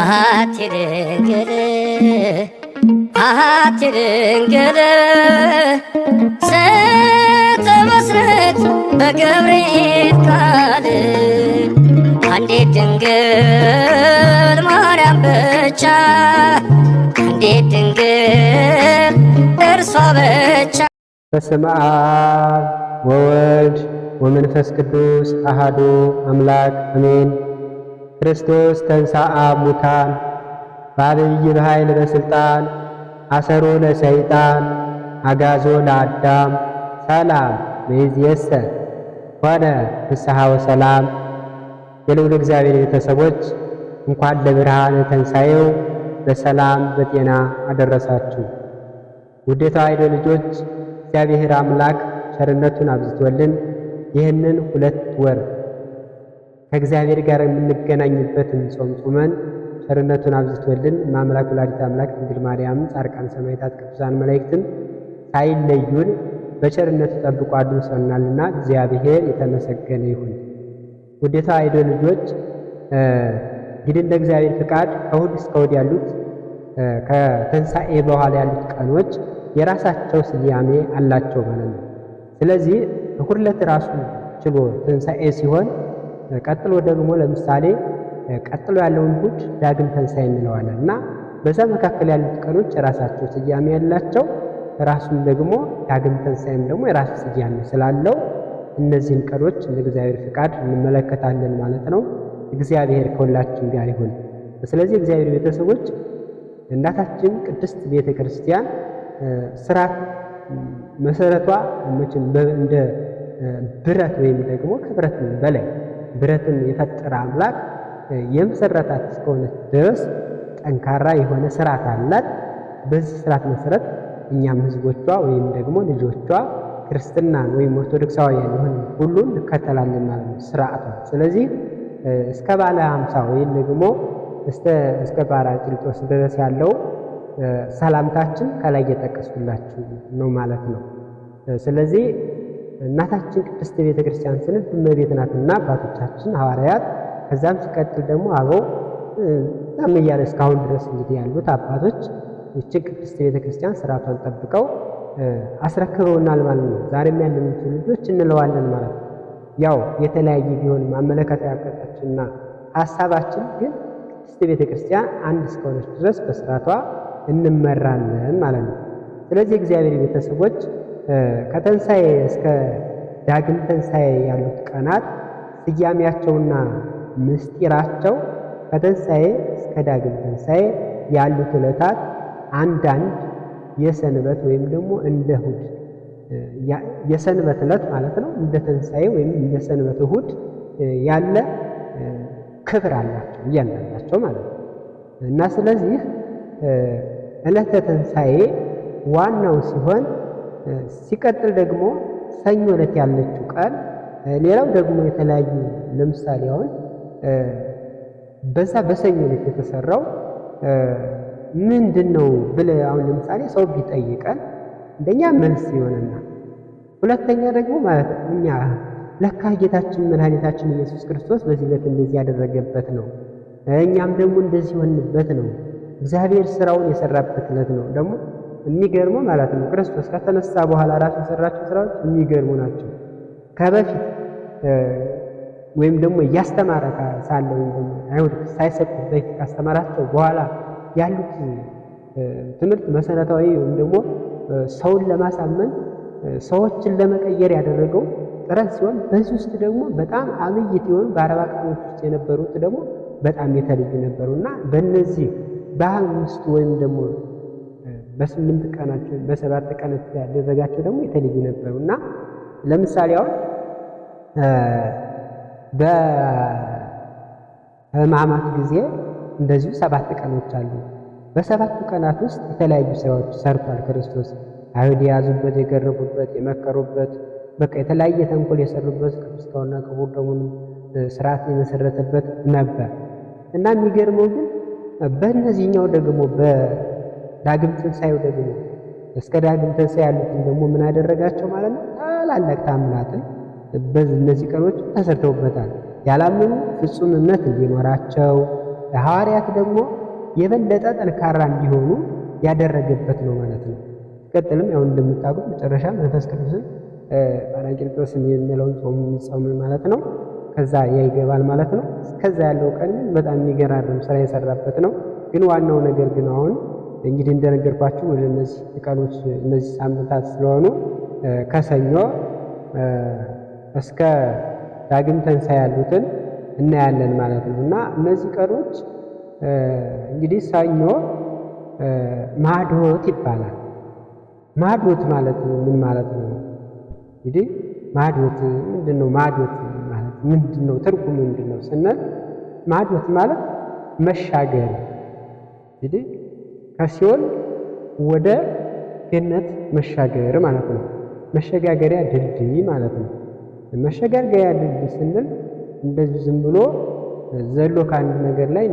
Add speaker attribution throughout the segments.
Speaker 1: አሐቲ ድንግል አሐቲ ድንግል ስትመስርት በገብርኤል ቃል አንዲት ድንግል ማርያም ብቻ አንዲት ድንግል እርሷ ብቻ።
Speaker 2: በስመ አብ ወወልድ ወመንፈስ ቅዱስ አሐዱ አምላክ አሜን። ክርስቶስ ተንሳአ ሙታን በአብይ በኃይል በሥልጣን አሰሮ ለሰይጣን አጋዞ ለአዳም ሰላም እምይእዜሰ ኮነ ፍስሐ ወሰላም። የልዑል እግዚአብሔር ቤተሰቦች እንኳን ለብርሃነ ትንሣኤው በሰላም በጤና አደረሳችሁ። ውዴታ አይደ ልጆች እግዚአብሔር አምላክ ቸርነቱን አብዝቶልን ይህንን ሁለት ወር ከእግዚአብሔር ጋር የምንገናኝበትን ጾም ጾመን ቸርነቱን አብዝቶልን ማምላክ ወላዲተ አምላክ ድንግል ማርያም፣ ጻድቃን ሰማዕታት፣ ቅዱሳን መላእክትን ሳይለዩን በቸርነቱ ጠብቆ አድርሶናልና እግዚአብሔር የተመሰገነ ይሁን። ውዴታ አይዶ ልጆች እንግዲህ እንደ እግዚአብሔር ፍቃድ ከእሑድ እስከ እሑድ ያሉት ከተንሳኤ በኋላ ያሉት ቀኖች የራሳቸው ስያሜ አላቸው ማለት ነው። ስለዚህ እሑድ ዕለት ራሱ ችሎ ትንሣኤ ሲሆን ቀጥሎ ደግሞ ለምሳሌ ቀጥሎ ያለውን እሑድ ዳግም ትንሣኤ እንለዋለን እና በዛ መካከል ያሉት ቀኖች የራሳቸው ስያሜ ያላቸው ራሱም ደግሞ ዳግም ትንሣኤም ደግሞ የራሱ ስያሜ ስላለው እነዚህን ቀኖች እንደ እግዚአብሔር ፍቃድ እንመለከታለን ማለት ነው። እግዚአብሔር ከሁላችን ጋር ይሁን። ስለዚህ እግዚአብሔር ቤተሰቦች እናታችን ቅድስት ቤተ ክርስቲያን ስራ መሰረቷ መቼም እንደ ብረት ወይም ደግሞ ከብረት በላይ ብረትን የፈጠረ አምላክ የመሰረታት እስከሆነች ድረስ ጠንካራ የሆነ ስርዓት አላት። በዚህ ስርዓት መሰረት እኛም ህዝቦቿ ወይም ደግሞ ልጆቿ ክርስትናን ወይም ኦርቶዶክሳውያን የሆን ሁሉ እንከተላለን ማለት ነው ስርዓቷ። ስለዚህ እስከ ባለ ሀምሳ ወይም ደግሞ እስከ ጰራቅሊጦስ ድረስ ያለው ሰላምታችን ከላይ እየጠቀስኩላችሁ ነው ማለት ነው። ስለዚህ እናታችን ቅድስት ቤተ ክርስቲያን ስንል እመቤት ናትና አባቶቻችን ሐዋርያት፣ ከዛም ሲቀጥል ደግሞ አበው ዛም እያለ እስካሁን ድረስ እንግዲህ ያሉት አባቶች ይችን ቅድስት ቤተ ክርስቲያን ስርዓቷን ጠብቀው አስረክበውናል ማለት ነው። ዛሬም ያለን ልጆች እንለዋለን ማለት ነው። ያው የተለያየ ቢሆንም አመለካከት ያቀጣችንና ሀሳባችን ግን ቅድስት ቤተ ክርስቲያን አንድ እስከሆነች ድረስ በስርዓቷ እንመራለን ማለት ነው። ስለዚህ እግዚአብሔር ቤተሰቦች ከተንሳኤ እስከ ዳግም ተንሳኤ ያሉት ቀናት ስያሜያቸውና ምስጢራቸው ከተንሳኤ እስከ ዳግም ተንሳኤ ያሉት ዕለታት አንዳንድ የሰንበት ወይም ደግሞ እንደ እሁድ የሰንበት ዕለት ማለት ነው። እንደ ተንሳኤ ወይም እንደ ሰንበት እሁድ ያለ ክብር አላቸው እያንዳንዳቸው ማለት ነው እና ስለዚህ ዕለተ ተንሳኤ ዋናው ሲሆን ሲቀጥል ደግሞ ሰኞ ዕለት ያለችው ቀን ሌላው ደግሞ የተለያዩ ለምሳሌ አሁን በዛ በሰኞ ዕለት የተሰራው ምንድን ነው ብለ አሁን ለምሳሌ ሰው ቢጠይቀን እንደኛ መልስ ይሆንና፣ ሁለተኛ ደግሞ ማለት እኛ ለካ ጌታችን መድኃኒታችን ኢየሱስ ክርስቶስ በዚህ ዕለት እንደዚህ ያደረገበት ነው፣ እኛም ደግሞ እንደዚህ ሆንበት ነው፣ እግዚአብሔር ስራውን የሰራበት ዕለት ነው ደግሞ የሚገርሙ ማለት ነው። ክርስቶስ ከተነሳ በኋላ ራሱ የሰራቸው ስራዎች የሚገርሙ ናቸው። ከበፊት ወይም ደግሞ እያስተማረ ሳለ ወይም ደግሞ አይሁድ ሳይሰብክ በፊት ካስተማራቸው በኋላ ያሉት ትምህርት መሰረታዊ ወይም ደግሞ ሰውን ለማሳመን ሰዎችን ለመቀየር ያደረገው ጥረት ሲሆን በዚህ ውስጥ ደግሞ በጣም አብይት የሆኑ በአረባ ቃሎች ውስጥ የነበሩት ደግሞ በጣም የተለዩ ነበሩ እና በእነዚህ በአምስቱ ወይም ደግሞ በስምንት ቀናቸው በሰባት ቀናቸው ያደረጋቸው ደግሞ የተለዩ ነበሩ እና ለምሳሌ አሁን በህማማት ጊዜ እንደዚሁ ሰባት ቀኖች አሉ። በሰባቱ ቀናት ውስጥ የተለያዩ ስራዎች ሰርቷል ክርስቶስ። አይሁድ የያዙበት፣ የገረፉበት፣ የመከሩበት በቃ የተለያየ ተንኮል የሰሩበት ቅዱስ ሥጋውንና ክቡር ደሙን ስርዓት የመሰረተበት ነበር እና የሚገርመው ግን በእነዚህኛው ደግሞ ዳግም ትንሣኤ ደግሞ እስከ ዳግም ትንሣኤ ያሉትን ደግሞ ምን አደረጋቸው ማለት ነው? ታላላቅ ታምራትን በእነዚህ ቀኖች ተሰርተውበታል። ያላመኑ ፍጹም እምነት እንዲኖራቸው ሐዋርያት ደግሞ የበለጠ ጠንካራ እንዲሆኑ ያደረገበት ነው ማለት ነው። ቀጥልም ያው እንደምታውቁት መጨረሻ መንፈስ ቅዱስን ጳራቅሊጦስን የሚለውን ጾም የሚጾም ማለት ነው። ከዛ ያ ይገባል ማለት ነው። ከዛ ያለው ቀን በጣም የሚገራርም ስራ የሰራበት ነው። ግን ዋናው ነገር ግን አሁን እንግዲህ እንደነገርኳችሁ ወደ እነዚህ ቀኖች እነዚህ ሳምንታት ስለሆኑ ከሰኞ እስከ ዳግም ተንሳኤ ያሉትን እናያለን ማለት ነው እና እነዚህ ቀኖች እንግዲህ ሰኞ ማዶት ይባላል። ማዶት ማለት ምን ማለት ነው? እንግዲህ ማዶት ምንድን ነው? ማለት ምንድን ነው? ትርጉም ምንድን ነው ስንል ማዶት ማለት መሻገር እንግዲህ ከሲኦል ወደ ገነት መሻገር ማለት ነው። መሸጋገሪያ ድልድይ ማለት ነው። መሸጋገሪያ ድልድይ ስንል እንደዚህ ዝም ብሎ ዘሎ ከአንድ ነገር ላይ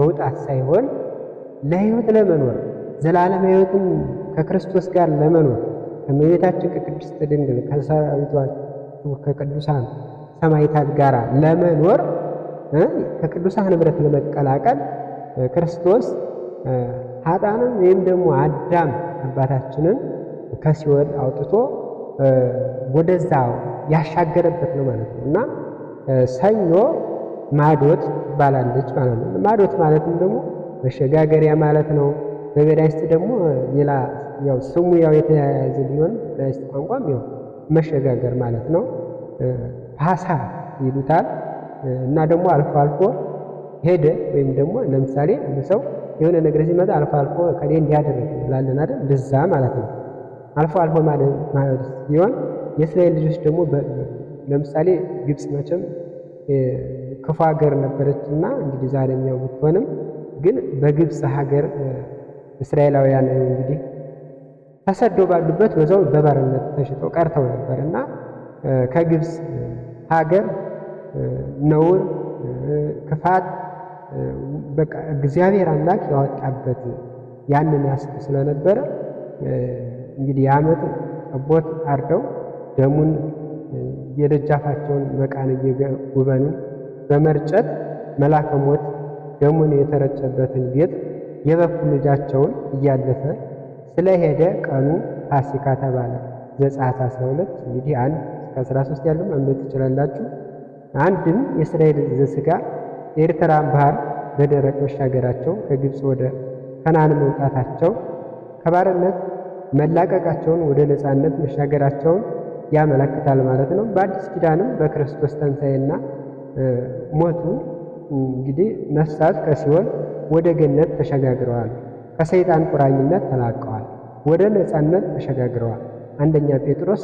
Speaker 2: መውጣት ሳይሆን ለህይወት ለመኖር ዘላለም ህይወትን ከክርስቶስ ጋር ለመኖር ከእመቤታችን ከቅድስት ድንግል ከሰራዊቷ ከቅዱሳን ሰማዕታት ጋር ለመኖር ከቅዱሳን ህብረት ለመቀላቀል ክርስቶስ ሀጣንም ወይም ደግሞ አዳም አባታችንን ከሲኦል አውጥቶ ወደዛ ያሻገረበት ነው ማለት ነው እና ሰኞ ማዶት ትባላለች ማለት ነው። ማዶት ማለትም ደግሞ መሸጋገሪያ ማለት ነው። በዕብራይስጥ ደግሞ ሌላ ያው ስሙ ያው የተያያዘ ቢሆን በዕብራይስጥ ቋንቋም ያው መሸጋገር ማለት ነው። ፓሳ ይሉታል እና ደግሞ አልፎ አልፎ ሄደ ወይም ደግሞ ለምሳሌ ሰው የሆነ ነገር ሲመጣ አልፎ አልፎ ከሌ እንዲያደርግ ብላለን አይደል? እንደዛ ማለት ነው። አልፎ አልፎ ማለት ሲሆን የእስራኤል ልጆች ደግሞ ለምሳሌ ግብፅ መቼም ክፉ ሀገር ነበረች እና እንግዲህ ዛሬ የሚያው ብትሆንም ግን በግብፅ ሀገር እስራኤላውያን እንግዲህ ተሰደው ባሉበት በዛው በባርነት ተሽጠው ቀርተው ነበር እና ከግብፅ ሀገር ነውር፣ ክፋት በቃ እግዚአብሔር አምላክ ያወጣበት ያንን ያስብ ስለነበረ እንግዲህ የዓመት ጠቦት አርደው ደሙን የደጃፋቸውን መቃን እየጎበኑ በመርጨት መላከ ሞት ደሙን የተረጨበትን ቤት የበኩል ልጃቸውን እያለፈ ስለሄደ ቀኑ ፋሲካ ተባለ። ዘጸአት 12 እንግዲህ አንድ እስከ 13 ያለው ማንበብ ትችላላችሁ። አንድም የእስራኤል ዘሥጋ የኤርትራን ባህር በደረቅ መሻገራቸው፣ ከግብፅ ወደ ከነዓን መውጣታቸው፣ ከባርነት መላቀቃቸውን ወደ ነፃነት መሻገራቸውን ያመለክታል ማለት ነው። በአዲስ ኪዳንም በክርስቶስ ተንሣኤና ሞቱ እንግዲህ ነፍሳት ከሲኦል ወደ ገነት ተሸጋግረዋል፣ ከሰይጣን ቁራኝነት ተላቀዋል፣ ወደ ነፃነት ተሸጋግረዋል። አንደኛ ጴጥሮስ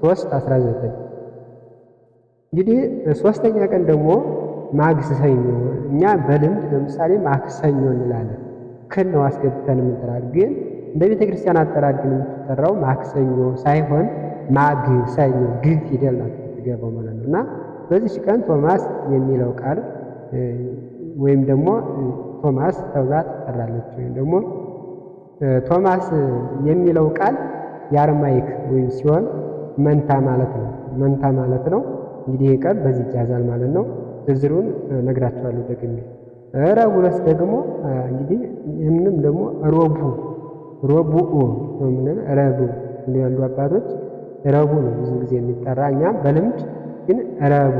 Speaker 2: 3 19 እንግዲህ ሶስተኛ ቀን ደግሞ ማግሰኞ እኛ በልምድ ለምሳሌ ማክሰኞ እንላለን። ክን ነው አስገብተን የምንጠራት ግን እንደ ቤተ ክርስቲያን አጠራር ግን የምትጠራው ማክሰኞ ሳይሆን ማግ ማግሰኞ ግ ፊደል ናት የምትገባው ማለት ነው። እና በዚች ቀን ቶማስ የሚለው ቃል ወይም ደግሞ ቶማስ ተብላ ትጠራለች። ወይም ደግሞ ቶማስ የሚለው ቃል የአርማይክ ወይም ሲሆን መንታ ማለት ነው። መንታ ማለት ነው። እንግዲህ ይህ ቀን በዚህ ይያዛል ማለት ነው። ዝርዝሩን ነግራቸዋለሁ ደግሜ። ረቡዕስ ደግሞ እንግዲህ ይህንም ደግሞ ረቡዕ ረቡዕ ምንል ረቡዕ እንዲህ አባቶች ረቡ ነው ብዙ ጊዜ የሚጠራ እኛ በልምድ ግን ረቡ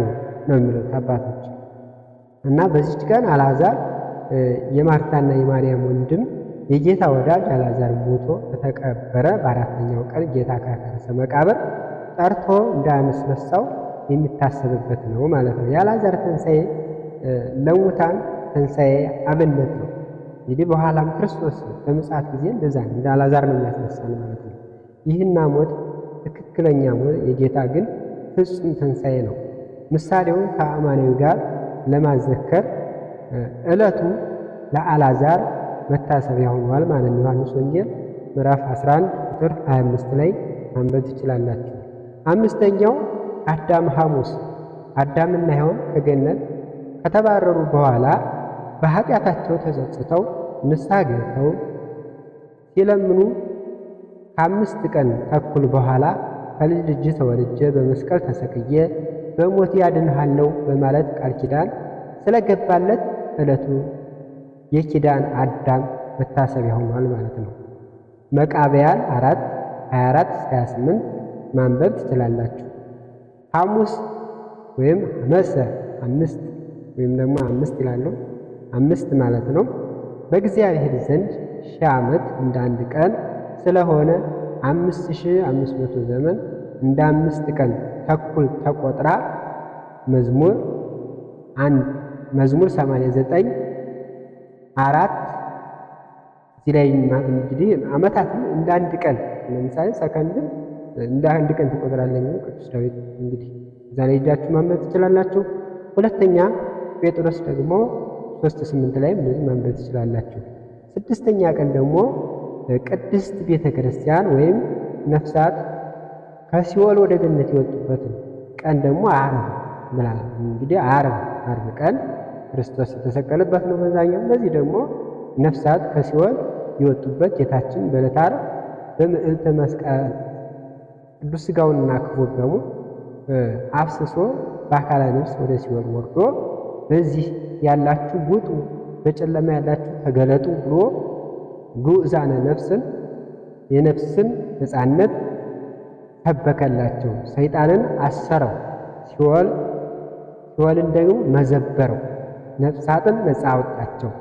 Speaker 2: ነው የሚሉት አባቶች እና በዚች ቀን አልዓዛር የማርታና የማርያም ወንድም የጌታ ወዳጅ አልዓዛር ሞቶ በተቀበረ በአራተኛው ቀን ጌታ ካፈረሰ መቃብር ጠርቶ እንዳያነስነሳው የሚታሰብበት ነው ማለት ነው። የአልዓዛር ትንሣኤ ለሙታን ትንሣኤ አብነት ነው። እንግዲህ በኋላም ክርስቶስ በምጽአት ጊዜ እንደዛ እንደ አልዓዛር ነው የሚያስነሳን ማለት ነው። ይህና ሞት ትክክለኛ ሞት የጌታ ግን ፍጹም ትንሣኤ ነው። ምሳሌውን ከአማኔው ጋር ለማዘከር ዕለቱ ለአልዓዛር መታሰቢያ ሆኗል ማለት ነው። ዮሐንስ ወንጌል ምዕራፍ 11 ቁጥር 25 ላይ ማንበብ ትችላላችሁ። አምስተኛው አዳም ሐሙስ አዳምና ሔዋን ከገነት ከተባረሩ በኋላ በኃጢአታቸው ተጸጽተው ንስሐ ገብተው ሲለምኑ ከአምስት ቀን ተኩል በኋላ ከልጅ ልጅ ተወልጀ በመስቀል ተሰቅዬ በሞት ያድንሃለው በማለት ቃል ኪዳን ስለገባለት ዕለቱ የኪዳን አዳም መታሰቢያ ሆኗል ማለት ነው። መቃብያን አራት 24 28 ማንበብ ትችላላችሁ። ሐሙስ ወይም መሰ አምስት ወይም ደግሞ አምስት ይላሉ። አምስት ማለት ነው። በእግዚአብሔር ዘንድ ሺህ ዓመት እንደ አንድ ቀን ስለሆነ አምስት ሺህ አምስት መቶ ዘመን እንደ አምስት ቀን ተኩል ተቆጥራ መዝሙር አንድ መዝሙር 89 አራት እዚህ ላይ እንግዲህ እንደ አንድ ቀን ለምሳሌ ሰከንድም እንደ አንድ ቀን ትቆጥራለህ ቅዱስ ዳዊት እንግዲህ እዛ ላይ ሄዳችሁ ማንበብ ትችላላችሁ። ሁለተኛ ጴጥሮስ ደግሞ ሶስት ስምንት ላይ እንደዚህ ማንበብ ትችላላችሁ። ስድስተኛ ቀን ደግሞ ቅድስት ቤተ ክርስቲያን ወይም ነፍሳት ከሲኦል ወደ ገነት የወጡበትን ቀን ደግሞ ዓርብ ምላል እንግዲህ ዓርብ ዓርብ ቀን ክርስቶስ የተሰቀለበት ነው። በዛኛው በዚህ ደግሞ ነፍሳት ከሲኦል የወጡበት ጌታችን በዕለተ ዓርብ በምዕልተ መስቀል ቅዱስ ሥጋውንና ክቡር ደሙን አፍስሶ በአካለ ነፍስ ወደ ሲኦል ወርዶ በዚህ ያላችሁ ውጡ፣ በጨለማ ያላችሁ ተገለጡ ብሎ ግዑዛነ ነፍስን የነፍስን ነፃነት ሰበከላቸው። ሰይጣንን አሰረው፣ ሲኦል ሲኦልን ደግሞ መዘበረው። ነፍሳትን ነፃ አወጣቸው፣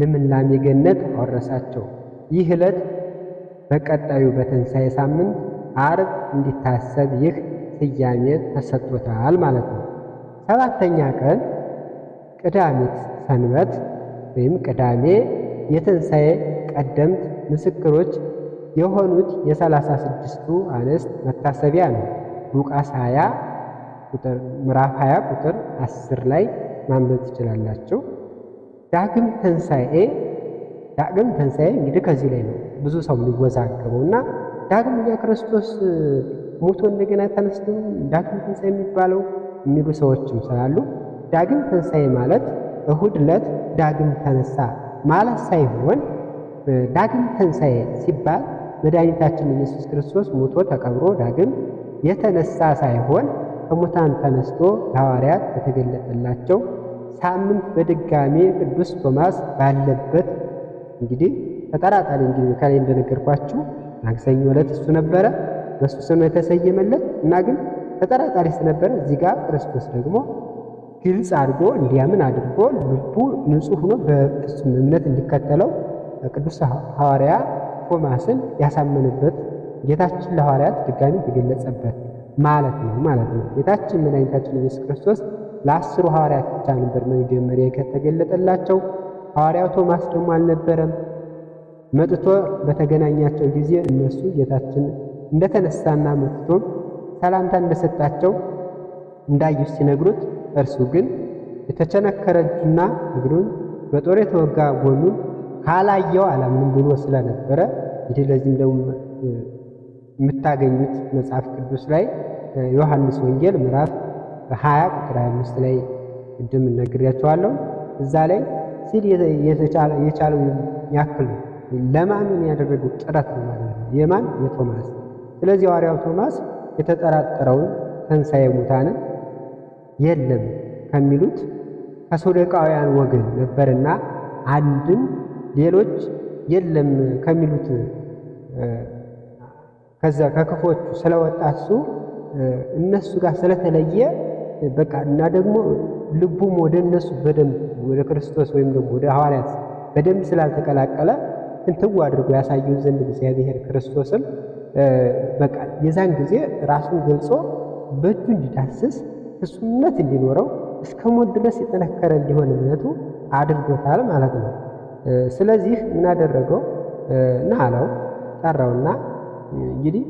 Speaker 2: ልምላሜ ገነት አወረሳቸው። ይህ ዕለት በቀጣዩ በትንሣኤ ሳምንት አርብ እንዲታሰብ ይህ ስያሜ ተሰጥቶታል ማለት ነው። ሰባተኛ ቀን ቅዳሚት ሰንበት ወይም ቅዳሜ የትንሣኤ ቀደምት ምስክሮች የሆኑት የሰላሳ ስድስቱ አንስት መታሰቢያ ነው። ሉቃስ 20 ቁጥር ምዕራፍ 20 ቁጥር 10 ላይ ማንበብ ትችላላችሁ። ዳግም ትንሣኤ ዳግም ትንሣኤ እንግዲህ ከዚህ ላይ ነው ብዙ ሰው እና። ዳግም ክርስቶስ ሞቶ እንደገና ተነስቶ ዳግም ትንሣኤ የሚባለው የሚሉ ሰዎችም ስላሉ ዳግም ትንሣኤ ማለት እሁድ ዕለት ዳግም ተነሳ ማለት ሳይሆን ዳግም ትንሣኤ ሲባል መድኃኒታችን ኢየሱስ ክርስቶስ ሞቶ ተቀብሮ ዳግም የተነሳ ሳይሆን ከሙታን ተነስቶ ለሐዋርያት የተገለጠላቸው ሳምንት በድጋሜ ቅዱስ ቶማስ ባለበት እንግዲህ ተጠራጣሪ እንግዲህ ከላይ እንደነገርኳችሁ ማክሰኞ ዕለት እሱ ነበረ በእሱ ስም የተሰየመለት እና ግን ተጠራጣሪ ስለነበረ እዚህ ጋር ክርስቶስ ደግሞ ግልጽ አድርጎ እንዲያምን አድርጎ ልቡ ንጹሕ ሆኖ በፍጹም እምነት እንዲከተለው ቅዱስ ሐዋርያ ቶማስን ያሳመንበት ጌታችን ለሐዋርያት ድጋሚ ተገለጸበት ማለት ነው ማለት ነው። ጌታችን መድኃኒታችን ኢየሱስ ክርስቶስ ለአስሩ ሐዋርያት ብቻ ነበር መጀመሪያ ከተገለጠላቸው ሐዋርያው ቶማስ ደግሞ አልነበረም። መጥቶ በተገናኛቸው ጊዜ እነሱ ጌታችን እንደተነሳና መጥቶ ሰላምታ እንደሰጣቸው እንዳዩ ሲነግሩት፣ እርሱ ግን የተቸነከረ እጁና እግሩን በጦር የተወጋ ጎኑን ካላየው አላምንም ብሎ ስለነበረ እንዲህ ለዚህም ደግሞ የምታገኙት መጽሐፍ ቅዱስ ላይ ዮሐንስ ወንጌል ምዕራፍ 20 ቁጥር 25 ላይ ቅድም እነግራቸዋለሁ። እዛ ላይ ሲል የቻለው ያክል ነው። ለማመን ያደረጉት ጥረት ነው ማለት ነው። የማን የቶማስ ስለዚህ ሐዋርያው ቶማስ የተጠራጠረውን ተንሣኤ ሙታንን የለም ከሚሉት ከሶደቃውያን ወገን ነበርና አንድም ሌሎች የለም ከሚሉት ከዛ ከክፎቹ ስለወጣ እሱ እነሱ ጋር ስለተለየ በቃ እና ደግሞ ልቡም ወደ እነሱ በደንብ ወደ ክርስቶስ ወይም ደግሞ ወደ ሐዋርያት በደንብ ስላልተቀላቀለ ፍንትው አድርጎ ያሳየው ዘንድ እግዚአብሔር ክርስቶስም በቃ የዛን ጊዜ ራሱን ገልጾ በእጁ እንዲዳስስ ፍጹምነት እንዲኖረው እስከ ሞት ድረስ የጠነከረ እንዲሆን እምነቱ አድርጎታል ማለት ነው። ስለዚህ ምን አደረገው? እና አለው፣ ጠራውና እንግዲህ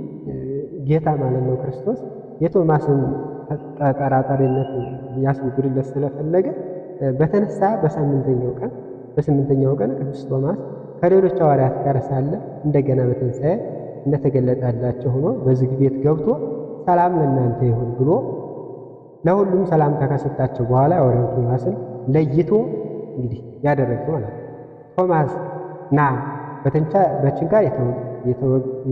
Speaker 2: ጌታ ማለት ነው ክርስቶስ የቶማስን ተጠራጣሪነት ያስወግድለት ስለፈለገ በተነሳ በሳምንተኛው ቀን በስምንተኛው ቀን ቅዱስ ቶማስ ከሌሎች ሐዋርያት ጋር ሳለ እንደገና በትንሣኤ እንደተገለጠላቸው ሆኖ በዝግ ቤት ገብቶ ሰላም ለእናንተ ይሁን ብሎ ለሁሉም ሰላምታ ከሰጣቸው በኋላ ሐዋርያው ቶማስን ለይቶ እንግዲህ ያደረገው ማለት ቶማስ ና በችንካር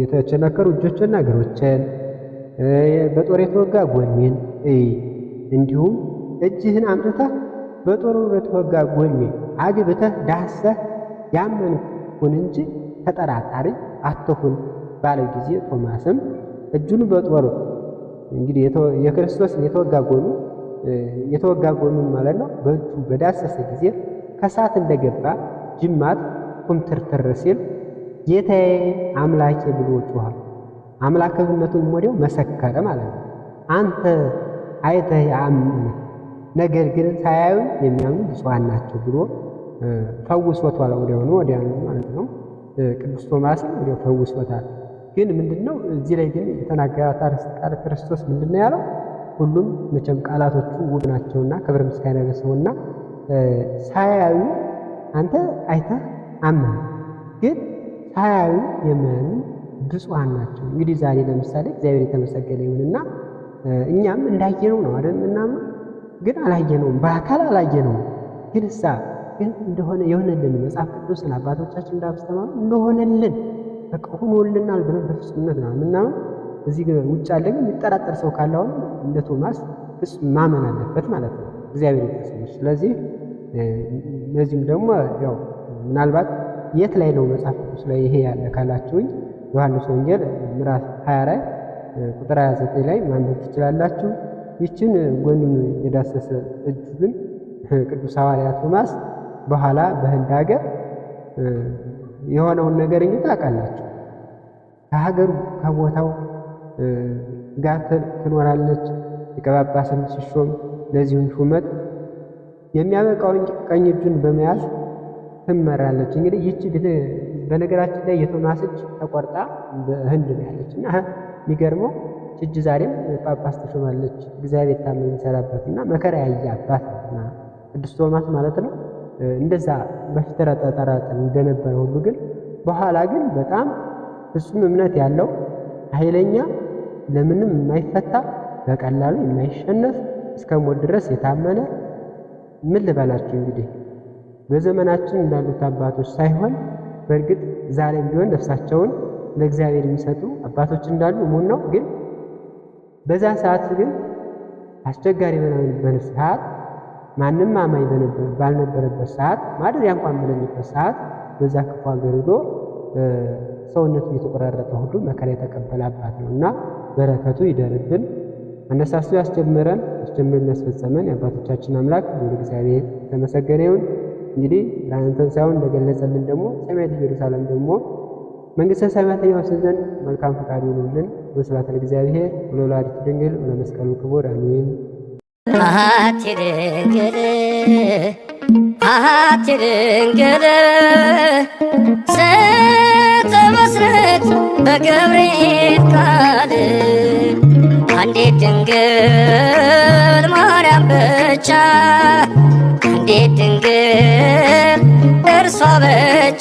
Speaker 2: የተቸነከሩ እጆችና እግሮችን በጦር የተወጋ ጎኔን እንዲሁም እጅህን አምጥተህ በጦር የተወጋ ጎኔ አግብተህ ዳሰህ ያመንኩ ሁን እንጂ ተጠራጣሪ አትሁን ባለ ጊዜ ቶማስም እጁን በጦር እንግዲህ የክርስቶስን የተወጋ ጎኑ የተወጋ ጎኑን ማለት ነው በእጁ በዳሰሰ ጊዜ ከሳት እንደገባ ጅማት ኩምትርትር ሲል ጌታዬ አምላኬ ብሎ ጮኋል። አምላክነቱን ወዲያው መሰከረ ማለት ነው። አንተ አይተህ አምነ ነገር ግን ሳያዩ የሚያምኑ ብፁዓን ናቸው ብሎ ፈውሶታል። ወዲያውኑ ወዲያውኑ ማለት ነው። ቅዱስ ቶማስ ወዲያው ፈውሶታል። ግን ምንድነው እዚህ ላይ ግን የተናገራት አርዕስተ ቃል ክርስቶስ ምንድነው ያለው? ሁሉም መቼም ቃላቶቹ ውብ ናቸውና ክብር ምስጋና ይድረሰውና ሳያዩ አንተ አይተህ አመን ግን ሳያዩ የማያምኑ ብፁዓን ናቸው። እንግዲህ ዛሬ ለምሳሌ እግዚአብሔር የተመሰገነ ይሁንና እኛም እንዳየነው ነው አይደል? ምናምን ግን አላየነውም፣ በአካል አላየነውም። ግን እሳ ግን እንደሆነ የሆነልን መጽሐፍ ቅዱስን አባቶቻችን እንዳስተማሩ እንደሆነልን በቃ ሆኖልናል ብለን በፍጹምነት ነው ምናምን። እዚህ ውጭ አለ ግን የሚጠራጠር ሰው ካለ አሁን እንደ ቶማስ ፍጹም ማመን አለበት ማለት ነው። እግዚአብሔር ይመስገን። ስለዚህ እነዚህም ደግሞ ያው ምናልባት የት ላይ ነው መጽሐፍ ቅዱስ ላይ ይሄ ያለ ካላችሁኝ ዮሐንስ ወንጌል ምዕራፍ 24 ቁጥር 29 ላይ ማንበብ ትችላላችሁ። ይችን ጎኑን የዳሰሰ እጁ ግን ቅዱስ ሐዋርያ ቶማስ በኋላ በህንድ ሀገር የሆነውን ነገር እንጂ ታውቃላችሁ። ከሀገሩ ከቦታው ጋር ትኖራለች። ሊቀ ሲሾም ለዚሁም ሹመት የሚያበቃውን ቀኝ እጁን በመያዝ ትመራለች። እንግዲህ ይቺ በነገራችን ላይ የቶማስ እጅ ተቆርጣ በህንድ ነው ያለች እና የሚገርመው እጅ ዛሬም ጳጳስ ትሾማለች። እግዚአብሔር ታምር የሚሰራበት እና መከራ ያየ አባት ቅዱስ ቶማስ ማለት ነው። እንደዛ በፊት እንደነበረ ሁሉ ግን በኋላ ግን በጣም ፍጹም እምነት ያለው ኃይለኛ ለምንም የማይፈታ በቀላሉ የማይሸነፍ እስከ ሞት ድረስ የታመነ ምን ልበላችሁ እንግዲህ በዘመናችን እንዳሉት አባቶች ሳይሆን በእርግጥ ዛሬም ቢሆን ነፍሳቸውን ለእግዚአብሔር የሚሰጡ አባቶች እንዳሉ ሙን ነው። ግን በዛ ሰዓት ግን አስቸጋሪ በነበረ ሰዓት ማንም አማኝ ባልነበረበት ሰዓት ማደሪያ እንኳን በሌለበት ሰዓት በዛ ክፉ ሀገር ሄዶ ሰውነቱ እየተቆራረጠ ሁሉ መከራ የተቀበለ አባት ነው እና በረከቱ ይደርብን። አነሳስቶ ያስጀመረን አስጀምረን ያስፈጸመን የአባቶቻችን አምላክ ወደ እግዚአብሔር የተመሰገነ ይሁን። እንግዲህ ለአንተን ሳይሆን እንደገለጸልን ደግሞ ሰማያዊት ኢየሩሳሌም ደግሞ መንግሥተ ሰማያትን ይወርስ ዘንድ መልካም ፈቃድ ይሁንልን። ወስብሐት ለእግዚአብሔር ወለወላዲቱ ድንግል ወለመስቀሉ ክቡር አሜን።
Speaker 1: አሐቲ ድንግል አሐቲ በገብርኤል ቃል አንዴት ድንግል ማርያም ብቻ አንዲት ድንግል እርሷ ብቻ